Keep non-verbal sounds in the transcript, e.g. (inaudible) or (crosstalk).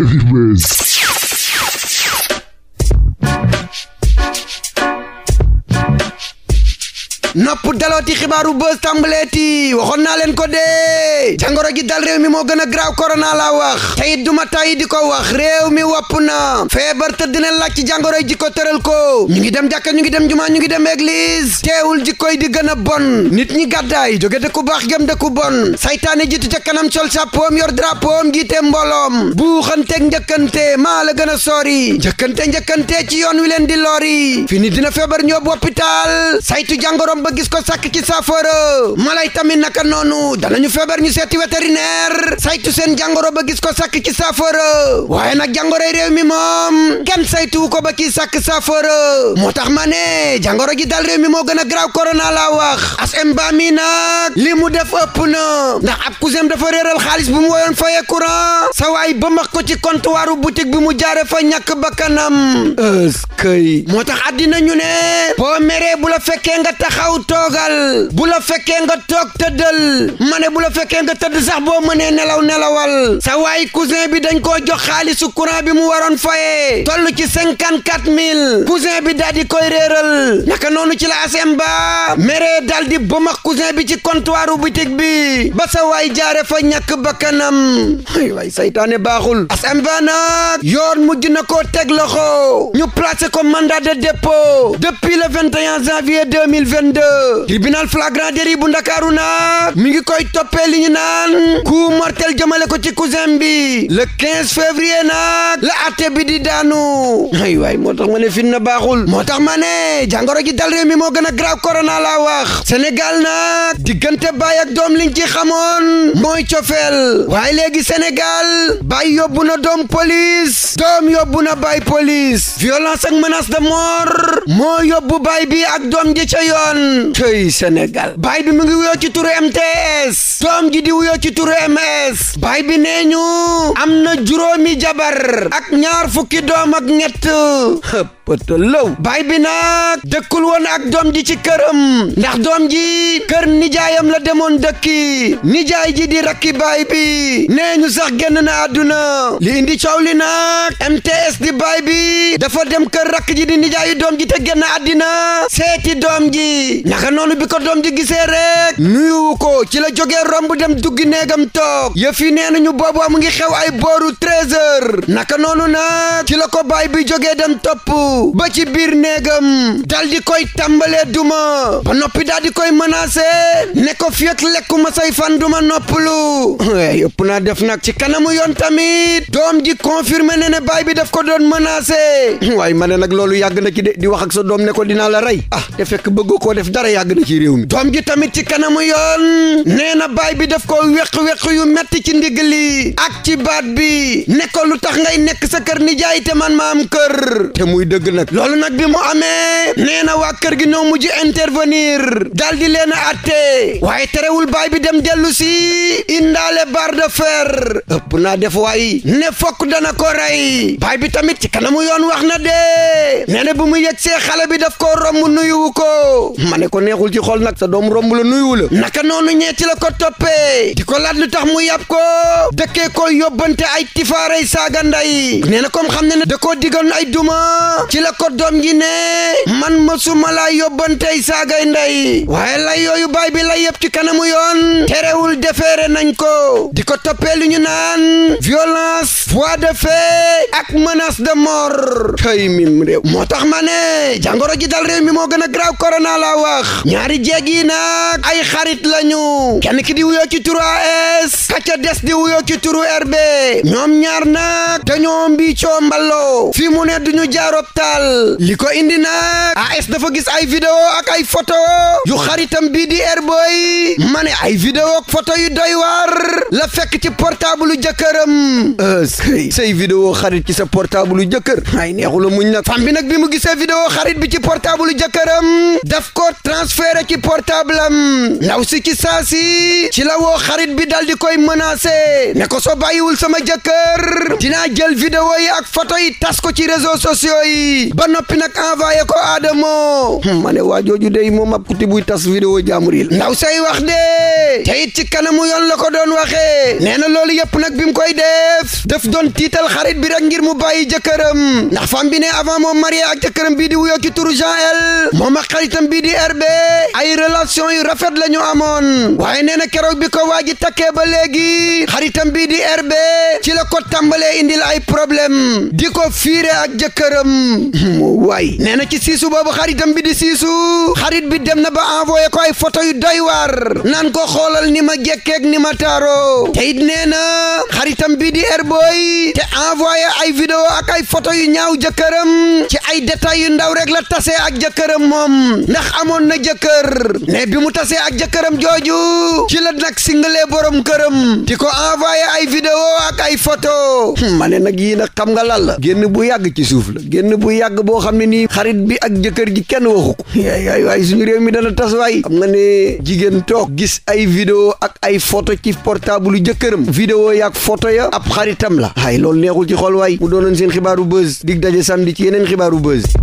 Heavy Mess. nopp dalooti xibaaru bës tàmbaleeti waxoon naa leen ko dee de jangoro gi dal réew mi moo gën a graaw korona la wax te it duma tàyyi di ko wax réew mi wopp na feebar tëdd na laaj ci jangoro ji ko tëral ko ñu ngi dem jàkka ñu ngi dem jumaa ñu ngi dem église teewul ji koy di gën a bon nit ñi gàddaay jóge dëkku baax gëm dëkku bon saytaane jiitu ca kanam sol sapoom yor drapoom jiite mbooloom buuxanteeg njëkkante maa la gën a sori njëkkante njëkkante ci yoon wi leen di lori fini dina feebar ñoo hôpital saytu jangoroom ba gis ko sàkk ci saafara malay tamit naka seeti vétérinaire saytu seen jàngoro ba gis ko sàkk ci saafara waaye nag jàngoroy réew mi moom kenn saytu ko ba ki sàkk saafara moo tax ma ne jàngoro ji dal réew moo gën a graaw corona la wax asm ba mi nag li mu def ëpp na ndax ab cousin dafa réeral xaalis bu mu woyoon faye courant sa waay ba max ko ci comptoiru boutique bi mu jaare fa ñàkk bakkanam eskay moo tax àddina ñu ne boo meree bu la fekkee taxaw toogal bu la fekkee nga toog tëddal ma ne bëgg a tëdd sax boo mënee nelaw nelawal sa waay cousin bi dañ koo jox xaalisu courant bi mu waroon fayee toll ci cinquante quatre mille cousin bi daal di koy réeral naka noonu ci la asem ba méree dal di boma cousin bi ci comptoiru boutique bi ba sa waay jaare fa ñàkk bakkanam ay waay baaxul asem yoon mujj na koo teg loxo ñu placé ko mandat de dépôt depuis le 21 janvier 2022 tribunal flagrant délit bu ndakaaru nag mi ngi koy toppee li ñu naan coup mortel jomale ko ci cousin bi le 15 février nag la atte bi di daanu ay waay moo tax ma ne fin na baaxul moo tax ma ne jàngoro ji dal réew mi moo gën a grave corona laa wax Sénégal nag diggante baay ak doom liñ ci xamoon mooy cofeel waaye léegi senegal baay yóbbu na doom police doom yóbbu na baay police violence ak menace de mort moo yóbbu baay bi ak doom ji ca yoon tey baay bi mu ngi wuyoo turu MTS doom ji ji di wuyoo ci turu ms baay bi nee ñu am na juróomi jabar ak ñaar fukki doom ak ñett baay bi nag dëkkul woon ak doom ji ci këram ndax doom ji kër nijaayam la demoon dëkki nijaay ji di rakki baay bi nee ñu sax génn na àdduna li indi coow li nag mts di baay bi dafa dem kër rakk ji di nijaayu doom ji te génn àddina seeti doom ji naka bi ko doom ji gisee rek nuyu ko ci la jógee romb dem dem duggi néegam toog yëf yi nee nañu boobu mu naka noonu nag ci la ko baay bi jógee dem topp ba ci biir néegam dal di koy tàmbalee duma ba noppi daal di koy menacé ne ko fi ak lekku ma say fan duma noppalu (laughs) yëpp naa def nag ci kanamu yoon tamit doom di confirmer ne ne baay bi daf ko doon menacé (laughs) waaye ma ne nag loolu yàgg na ci de di wax ak sa doom ne ko dinaa la rey ah fekk bëgg koo def dara yàgg na réew mi doom ji tamit ci kanamu yoon nee baay bi daf ko weq weq yu ci ndigg li ak ci baat bi ne lu tax ngay nekk sa kër nijaay te man ma am muy dëgg nag loolu nag bi mu nee na waa kër gi ñoo mujj intervenir daal di leen a atte waaye terewul baay bi dem dellu si indaale barre de fer ëpp naa def waaye ne fokk dana ko rey baay bi tamit ci kanamu yoon wax na dee nee bu mu yegg see xale bi def ko romb nuyu ko ma ne ko neexul ci xol nag sa doom romb la nuyuwu la naka noonu ñeeti la ko toppee di ko laaj lu tax mu yàpp ko dëkkee ko yóbbante ay tifaaray saaga nday nee na comme xam ne ne da koo diggoon ay duma ci la ko doom gi ne man mësuma laa yóbbantey saaga nday waaye la yooyu baay bi la yëpp ci kanamu yoon terewul defeere nañ ko di ko toppee lu ñu naan violence voie de fait ak menace de mort tey mim réew moo tax ma ne jàngoro ji dal réew mi moo gën a graaw corona laa wax ñaari jeeg yi ay xarit lañu kenn ki di wuyoo ci turu des di ci turu RB ñoom ñaar nag dañoo mbiicoo mballoo fi mu ne duñu jaarop taal li ko indi dafa gis ay vidéo ak ay photo yu bii di RB ma ne ay vidéo photo yu doy war la fekk ci portable jëkkëram ëskëy say vidéo xarit ci sa portable jëkkër ay neexu la muñ nag fam bi nag bi mu gisee vidéo xarit bi ci portable jëkkëram daf ko transféré ci portable am ndaw ci saa ci la woo xarit bi dal di koy menacé ne ko soo bàyyiwul sama jëkkër dinaa jël vidéo yi ak photo yi tas ko ci réseaux sociaux yi ba noppi nag envoyé ko Adamo ma ne waa jooju dey moom ab kuti buy tas vidéo jaamur yi ndaw say wax de te ci kanamu yoon la ko doon waxee nee na loolu yëpp nag bi mu koy def daf doon tiital xarit bi rek ngir mu bàyyi jëkkëram ndax fam bi ne avant moom marié ak jëkkëram bii di wuyoo ci turu Jean El moom ak xaritam bii di RB ay relation yu rafet la ñu amoon ko takkee ba léegi xaritam bii di RB ci la ko tàmbalee indil ay problème di ko fiire ak jëkkëram waay nee na ci siisu boobu xaritam bi di siisu xarit bi dem na ba envoyé ko ay foto yu doy waar naan ko xoolal ni ma jekkeek ni ma taaro te it nee na xaritam bii di RBoy te envoyé ay vidéo ak ay photo yu ñaaw jëkkëram ci ay détails yu ndaw rek la tasee ak jëkkëram moom ndax amoon na jëkkër ne bi mu tasee ak jëkkëram jooju ci la nag singalee borom këram di ko envoyé ay vidéo ak ay photo hmm, ma nag yii nag xam nga lan la génn bu yàgg ci suuf la génn bu yàgg boo xam ne nii xarit bi ak jëkkër ji kenn waxu ko (laughs) ay waay suñu réew mi dana tas waay xam nga ne jigéen toog gis ay vidéo ak ay foto ci portable yu jëkkëram vidéo yaak photo ya ab xaritam la ay lool neexul ci xol waay mu doonoon seen xibaaru buzz dig daje samedi ci yeneen xibaaru buzz